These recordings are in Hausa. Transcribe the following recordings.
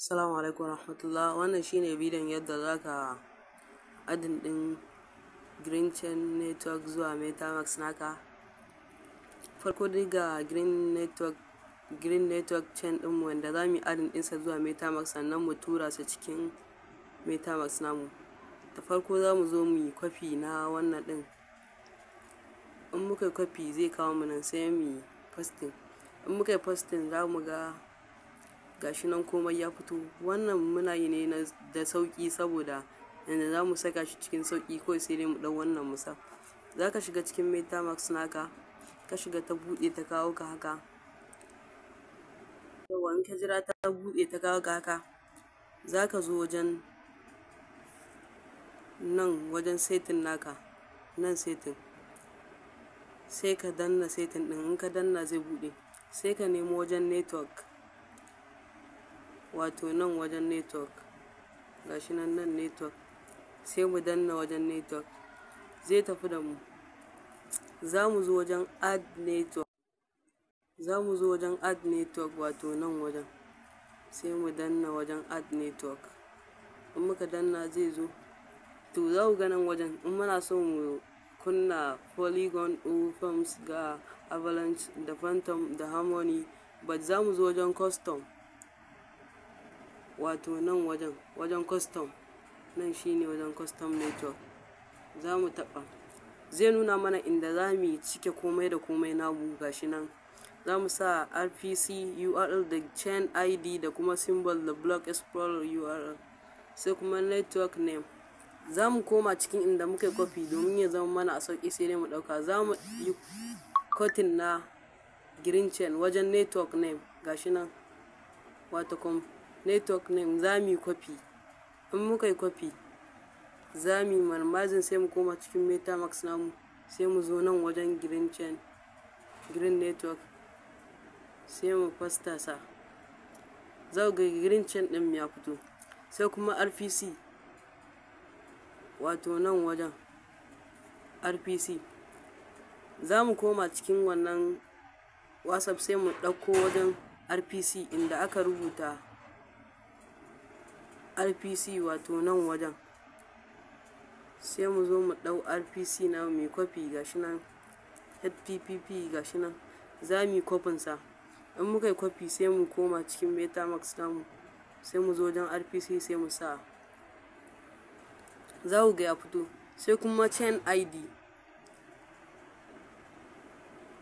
Assalamu alaikum rahmatullah wannan shine bidiyon yadda zaka adin din Green Chain Network zuwa MetaMask naka farko dai ga Green Network Green Network Chain din wanda za mu din sa zuwa MetaMask sannan mu tura su cikin MetaMask namu da farko za mu zo mu yi kwafi na wannan din in muka yi kwafi zai kawo mu nan sai mu yi posting in muka yi posting za mu ga gashi nan komai ya fito wannan muna yi ne da sauki saboda yanzu za mu saka shi cikin sauki ko sai dai mu ɗau wannan musa za ka shiga cikin metamax naka ka shiga ta buɗe ta kawo ka haka yawan in ka jira ta buɗe ta kawo ka haka za ka zo wajen nan wajen setin naka nan setin sai ka danna setin ɗin in ka danna zai buɗe sai ka nemo wajen network wato nan wajen network gashi nan nan network sai mu danna wajen network zai tafi da mu za mu zo wajen add network za mu zo wajen add network wato nan wajen sai mu danna wajen add network in muka danna zai zo to za ku ganin wajen in muna so mu kunna polygon firms ga avalanche da phantom da harmony but za mu zo wajen custom wato nan wajen wajen custom nan shine wajen custom network za mu taɓa zai nuna mana inda za mu yi cike komai da komai na buga shi nan za mu sa rpc url da chain id da kuma symbol da block explorer url sai kuma network name za mu koma cikin inda muka yi copy domin ya zama mana a sauƙi sai dai mu ɗauka za mu yi cutting na green chain wajen network name gashi nan wato network name za mu yi kwafi in muka yi kwafi za mu yi marmazin sai mu koma cikin metamax namu sai mu zo nan wajen green chain green network sai mu fasta sa za ga green chain din ya fito sai kuma rpc wato nan wajen rpc za mu koma cikin wannan whatsapp sai mu ɗauko wajen rpc inda aka rubuta rpc wato nan wajen sai mu zo mu dau rpc na mai kwafi gashi nan hpp gashi nan za mu yi sa in muka yi kwafi sai mu koma cikin betamax namu sai mu zo wajen rpc sai mu sa za ku ga ya fito sai kuma chain id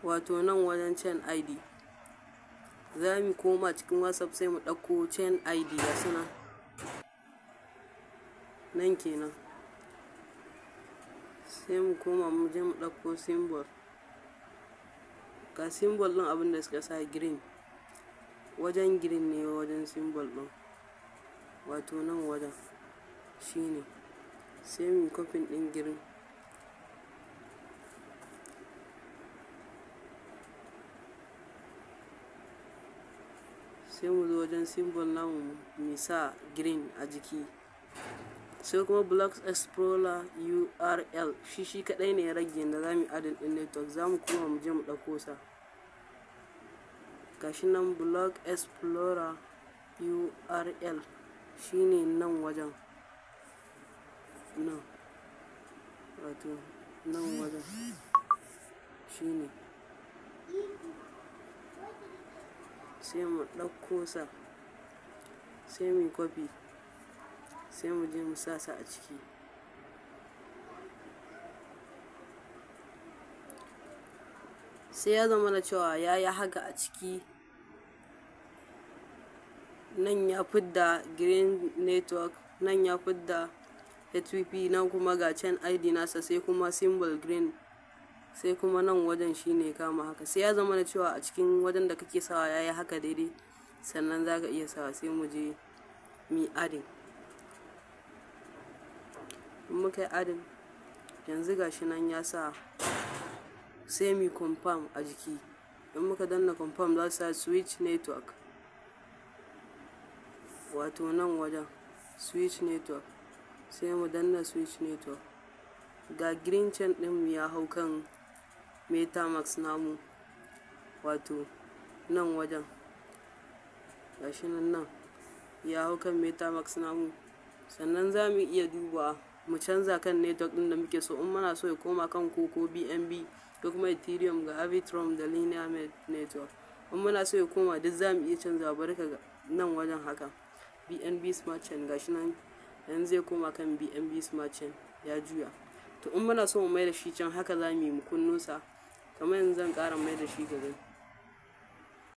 wato nan wajen chain id za mu koma cikin whatsapp sai mu dauko chain id ga nan. nan kenan sai mu koma mu je mu ɗauko symbol ga symbol ɗin abin da suka sa green wajen green ne wajen symbol ɗin wato nan wajen shine sai mu kofin ɗin green sai mu zo wajen symbol namu mu sa green a jiki sai kuma blocks explorer url shi shi kadai ne ya rage da za mu adin din network za mu kuma mu je mu dauko sa gashi nan block explorer url shine nan wajen nan wato nan wajen shine sai mu dauko sa sai mu copy sai mu je mu sa a ciki sai ya zama da cewa ya yi haka a ciki nan ya fidda green network nan ya fidda hpp nan kuma ga can id nasa sai kuma symbol green sai kuma nan wajen shi ne kama haka sai ya zama da cewa a cikin wajen da kake sawa ya yi haka daidai sannan za ka iya sawa sai mu je mi adin in muka yi adin yanzu gashi nan ya sa semi confirm a jiki in muka danna confirm za su switch network wato nan wajen switch network sai mu danna switch network ga green chain mu ya hau kan metamax namu wato nan wajen gashi nan nan ya hau kan metamax namu sannan za mu iya duba mu canza kan network ɗin da muke so in muna so ya koma kan koko bnb ko kuma ethereum ga arbitrum da linear network in muna so ya koma duk za mu iya canza barka ka nan wajen haka bnb smart chain gashi nan yanzu zai koma kan bnb smart chain ya juya to in muna so mu mai da shi can haka za mu yi mu kunnusa kamar yanzu zan kara mai da shi gari